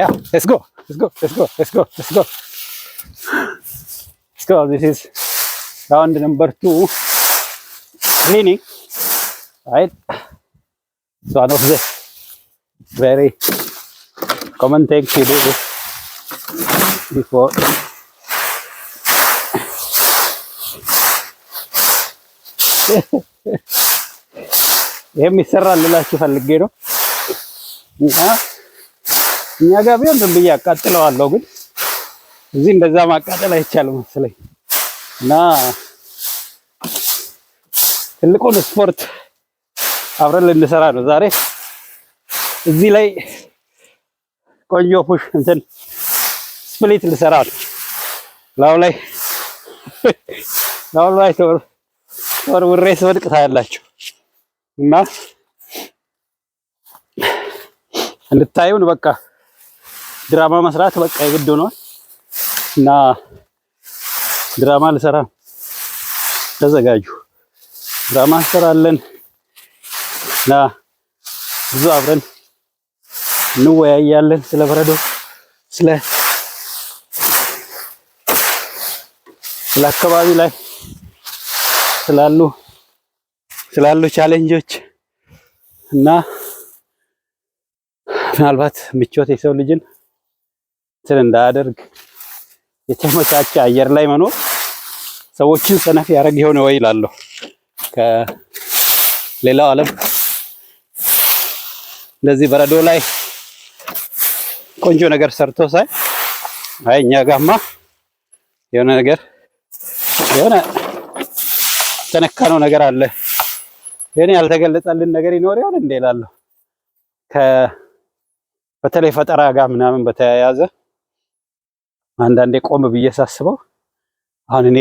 yeah let's go let's go let's go let's go let's go let's go this is round number two cleaning right so one of the very common thing to do before ይህ የሚሰራ ልላችሁ ፈልጌ ነው እና እኛ ጋር ቢሆን ዝም ብዬ አቃጥለዋለሁ፣ ግን እዚህ እንደዛ ማቃጠል አይቻልም መስለኝ እና ትልቁን ስፖርት አብረን ልንሰራ ነው ዛሬ። እዚህ ላይ ቆንጆ ፑሽ እንትን ስፕሊት ልሰራ ነው። ላው ላይ ላው ላይ ተወርውሬ ስወድቅ ታያላችሁ እና እንድታዩን በቃ ድራማ መስራት በቃ የግድ ሆኗል እና ድራማ ልሰራ ተዘጋጁ። ድራማ እንሰራለን እና ብዙ አብረን እንወያያለን ስለ በረዶ ስለ ስለ አካባቢ ላይ ስላሉ ስላሉ ቻሌንጆች እና ምናልባት ምቾት የሰው ልጅን እንትን እንዳያደርግ የተመቻቸ አየር ላይ መኖር ሰዎችን ሰነፍ ያደረግ የሆነ ወይ ይላለሁ። ከሌላው ዓለም እንደዚህ በረዶ ላይ ቆንጆ ነገር ሰርቶ ሳይ አይ እኛ ጋማ የሆነ ነገር የሆነ ተነካነው ነገር አለ የሆነ ያልተገለጸልን ነገር ይኖር ይሆን እንዴ ላለሁ በተለይ ፈጠራ ጋር ምናምን በተያያዘ አንዳንዴ ቆም ብዬ ሳስበው አሁን እኔ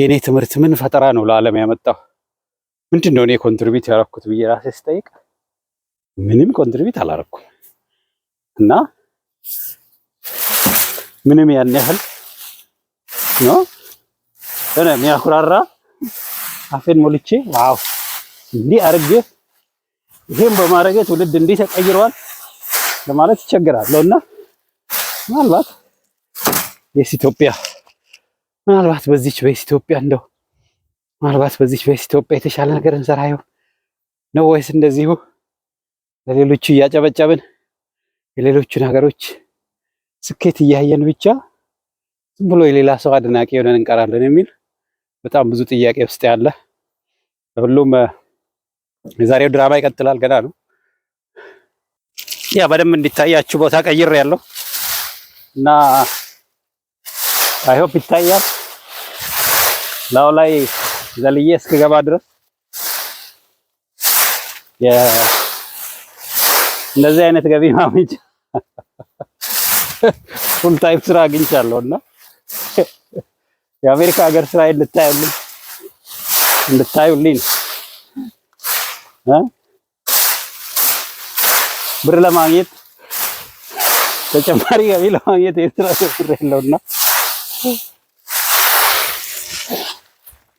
የእኔ ትምህርት ምን ፈጠራ ነው ለዓለም ያመጣው ምንድን ነው እኔ ኮንትሪቢዩት ያደረኩት ብዬ ራሴ ስጠይቅ ምንም ኮንትሪቢዩት አላደረኩም እና ምንም ያን ያህል ነው የሚያኩራራ አፌን ሞልቼ ዋው እንዲህ አርጌ ይሄም በማድረጌ ትውልድ እንዲህ ተቀይሯል ለማለት ይቸግራለሁ እና ምናልባት ቤስ ኢትዮጵያ ምናልባት በዚች ቤስ ኢትዮጵያ እንደው ምናልባት በዚች ቤስ ኢትዮጵያ የተሻለ ነገር እንሰራ ይሆን ነው ወይስ እንደዚሁ ለሌሎቹ እያጨበጨብን የሌሎቹን ሀገሮች ስኬት እያየን ብቻ ዝም ብሎ የሌላ ሰው አድናቂ ሆነን እንቀራለን የሚል በጣም ብዙ ጥያቄ ውስጥ ያለ ሁሉም የዛሬው ድራማ ይቀጥላል። ገና ነው። ያ በደንብ እንዲታያችሁ ቦታ ቀይር ያለው እና አይሆፕ ይታያል። ላው ላይ ዘልዬ እስክገባ ድረስ እንደዚህ አይነት ገቢ ማምንጭ ፉል ታይም ስራ አግኝቻለሁ እና የአሜሪካ ሀገር ስራ እንድታዩልኝ እንድታዩልኝ ብር ለማግኘት ተጨማሪ ገቢ ለማግኘት የስራ ስር ያለውና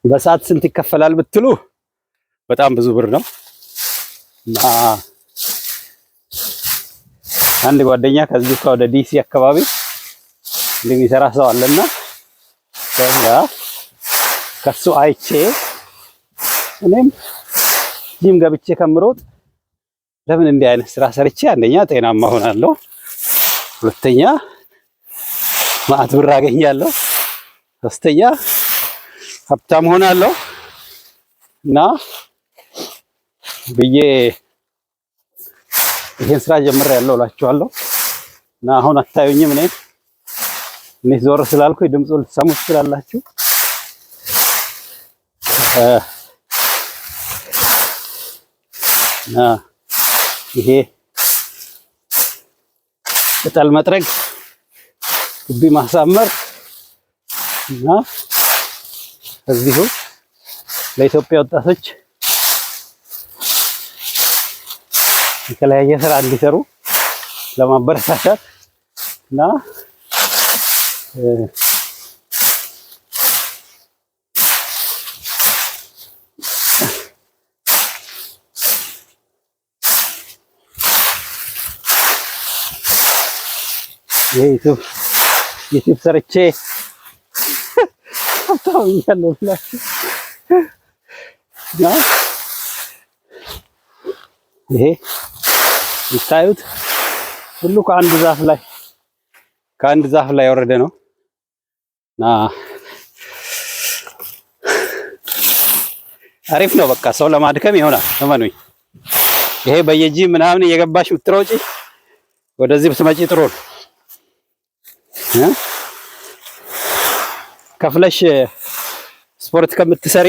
በሰዓት ስንት ይከፈላል ብትሉ በጣም ብዙ ብር ነው። እና አንድ ጓደኛ ከዚህ ወደ ዲሲ አካባቢ እንደሚሰራ ሰው አለና ከዛ ከሱ አይቼ እኔም ጂም ገብቼ ከምሮጥ ለምን እንዲህ አይነት ስራ ሰርቼ አንደኛ ጤናማ ሆናለሁ፣ ሁለተኛ ማዕት ብር አገኛለሁ፣ ሶስተኛ ሀብታም ሆናለሁ እና ብዬ ይሄን ስራ ጀምር ያለው እላችኋለሁ። እና አሁን አታዩኝም እኔ እኔ ዞር ስላልኩ ድምፁ ልትሰሙ ትችላላችሁ። ይሄ ቅጠል መጥረግ Nah. udah di masa mer nah harus dihukum lebih cepat asal kalau yang seratus lama dua mabur nah ya itu ዩቲዩብ ሰርቼ ሀብታም እያለሁ ብላችሁ ይሄ የምታዩት ሁሉ ከአንድ ዛፍ ላይ ከአንድ ዛፍ ላይ የወረደ ነው እና አሪፍ ነው። በቃ ሰው ለማድከም ይሆናል። እመኑኝ። ይሄ በየጂ ምናምን እየገባሽ ምትሮጪ ወደዚህ ብትመጪ ጥሩ ነው። ከፍለሽ ስፖርት ከምትሰሪ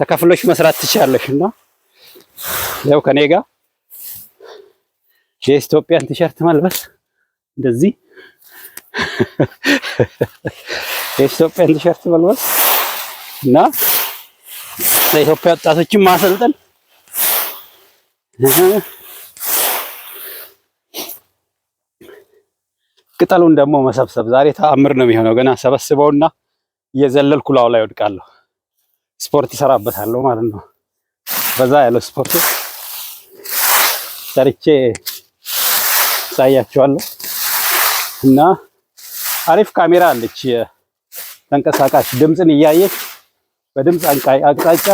ተከፍሎሽ መስራት ትችላለሽ። እና ያው ከኔ ጋር የኢትዮጵያን ቲሸርት መልበስ እንደዚህ የኢትዮጵያን ቲሸርት መልበስ እና ለኢትዮጵያ ወጣቶችን ማሰልጠን ቅጠሉን ደግሞ መሰብሰብ ዛሬ ተአምር ነው የሚሆነው። ገና ሰበስበውና እየዘለልኩ ላው ላይ ወድቃለሁ። ስፖርት ይሰራበታለሁ ማለት ነው። በዛ ያለው ስፖርት ሰርቼ ሳያቸዋለሁ። እና አሪፍ ካሜራ አለች ተንቀሳቃሽ ድምፅን እያየች በድምፅ አንቃይ አቅጣጫ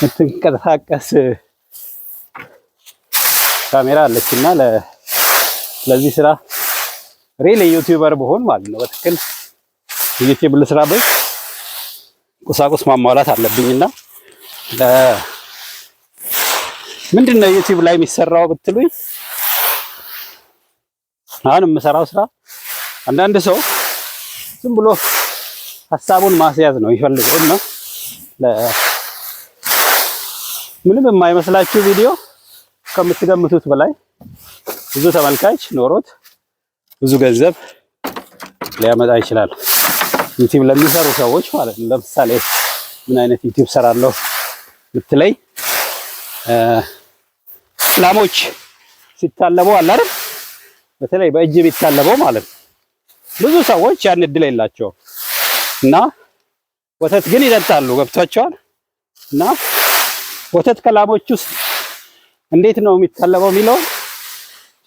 ምትንቀሳቀስ ካሜራ አለችና ለ ለዚህ ስራ ሪል ዩቲዩበር ብሆን ማለት ነው በትክክል ዩቲዩብ ልስራ ብል ቁሳቁስ ማሟላት አለብኝና ምንድን ነው ዩቲዩብ ላይ የሚሰራው ብትሉኝ አሁን የምሰራው ስራ አንዳንድ ሰው ዝም ብሎ ሀሳቡን ማስያዝ ነው ይፈልገው እና ምንም የማይመስላችሁ ቪዲዮ ከምትገምቱት በላይ ብዙ ተመልካች ኖሮት ብዙ ገንዘብ ሊያመጣ ይችላል። ዩቲዩብ ለሚሰሩ ሰዎች ማለት ነው። ለምሳሌ ምን አይነት ዩቲዩብ ሰራለሁ ብትለኝ ላሞች ሲታለቡ አለ አይደል? በተለይ በእጅ ቢታለበው ማለት ነው። ብዙ ሰዎች ያን እድል የላቸውም እና ወተት ግን ይጠጣሉ። ገብቷቸዋል። እና ወተት ከላሞች ውስጥ እንዴት ነው የሚታለበው የሚለውን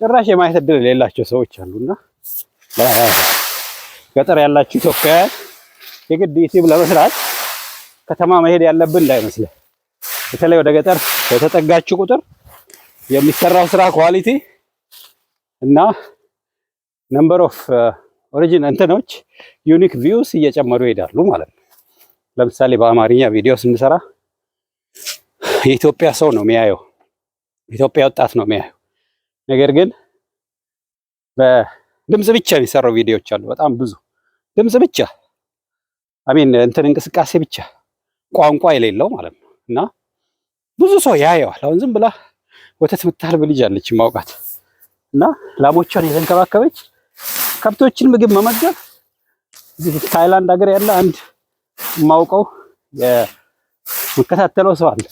ጭራሽ የማየት እድል የሌላቸው ሰዎች አሉና ገጠር ያላችሁ ኢትዮጵያውያን የግድ ዩቲዩብ ለመስራት ከተማ መሄድ ያለብን እንዳይመስልህ። በተለይ ወደ ገጠር በተጠጋችሁ ቁጥር የሚሰራው ስራ ኳሊቲ እና ነምበር ኦፍ ኦሪጂን እንትኖች ዩኒክ ቪውስ እየጨመሩ ይሄዳሉ ማለት ነው። ለምሳሌ በአማርኛ ቪዲዮ ስንሰራ የኢትዮጵያ ሰው ነው የሚያየው፣ የኢትዮጵያ ወጣት ነው የሚያየው። ነገር ግን በድምጽ ብቻ የሚሰራው ቪዲዮዎች አሉ። በጣም ብዙ ድምፅ ብቻ አሚን እንትን እንቅስቃሴ ብቻ ቋንቋ የሌለው ማለት ነው። እና ብዙ ሰው ያየዋል። አሁን ዝም ብላ ወተት ምታልብ ልጅ አለች ማውቃት እና ላሞቿን የተንከባከበች ከብቶችን ምግብ መመገብ እዚህ ታይላንድ ሀገር ያለ አንድ የማውቀው የምከታተለው ሰው አለ።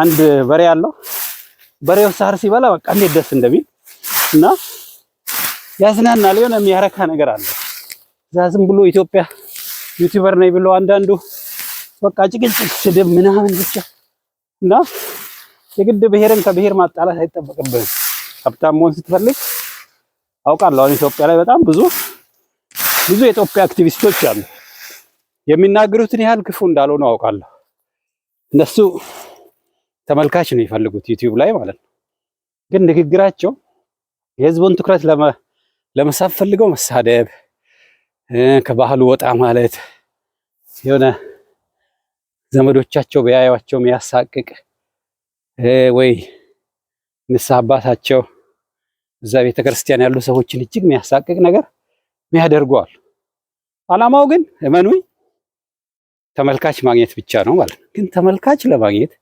አንድ በሬ አለው በሬው ሳር ሲበላ በቃ እንዴት ደስ እንደሚል እና ያዝናናል። የሆነ የሚያረካ ነገር አለ። እዛ ዝም ብሎ ኢትዮጵያ ዩቲዩበር ነኝ ብሎ አንዳንዱ በቃ ጭቅጭቅ፣ ስድብ ምናምን ብቻ እና የግድ ብሔርን ከብሔር ማጣላት አይጠበቅብህም። ሀብታም መሆን ስትፈልግ አውቃለሁ። አሁን ኢትዮጵያ ላይ በጣም ብዙ ብዙ የኢትዮጵያ አክቲቪስቶች አሉ። የሚናገሩትን ያህል ክፉ እንዳልሆኑ አውቃለሁ። እነሱ ተመልካች ነው የሚፈልጉት ዩቲዩብ ላይ ማለት ነው። ግን ንግግራቸው የህዝቡን ትኩረት ለመሳብ ፈልገው መሳደብ፣ ከባህሉ ወጣ ማለት የሆነ ዘመዶቻቸው በያዩቸው የሚያሳቅቅ ወይ ንስሐ አባታቸው እዛ ቤተክርስቲያን ያሉ ሰዎችን እጅግ የሚያሳቅቅ ነገር የሚያደርገዋል። አላማው ግን እመኑኝ ተመልካች ማግኘት ብቻ ነው ማለት ነው። ግን ተመልካች ለማግኘት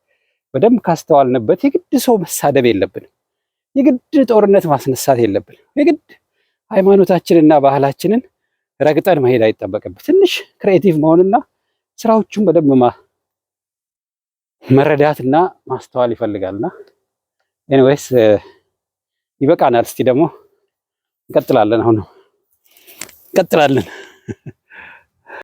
በደንብ ካስተዋልንበት የግድ ሰው መሳደብ የለብንም። የግድ ጦርነት ማስነሳት የለብንም። የግድ ሃይማኖታችንና ባህላችንን ረግጠን መሄድ አይጠበቅብን። ትንሽ ክሬኤቲቭ መሆንና ስራዎቹን በደንብ መረዳትና ማስተዋል ይፈልጋልና ኤኒዌይስ ይበቃናል። እስቲ ደግሞ እንቀጥላለን። አሁን እንቀጥላለን።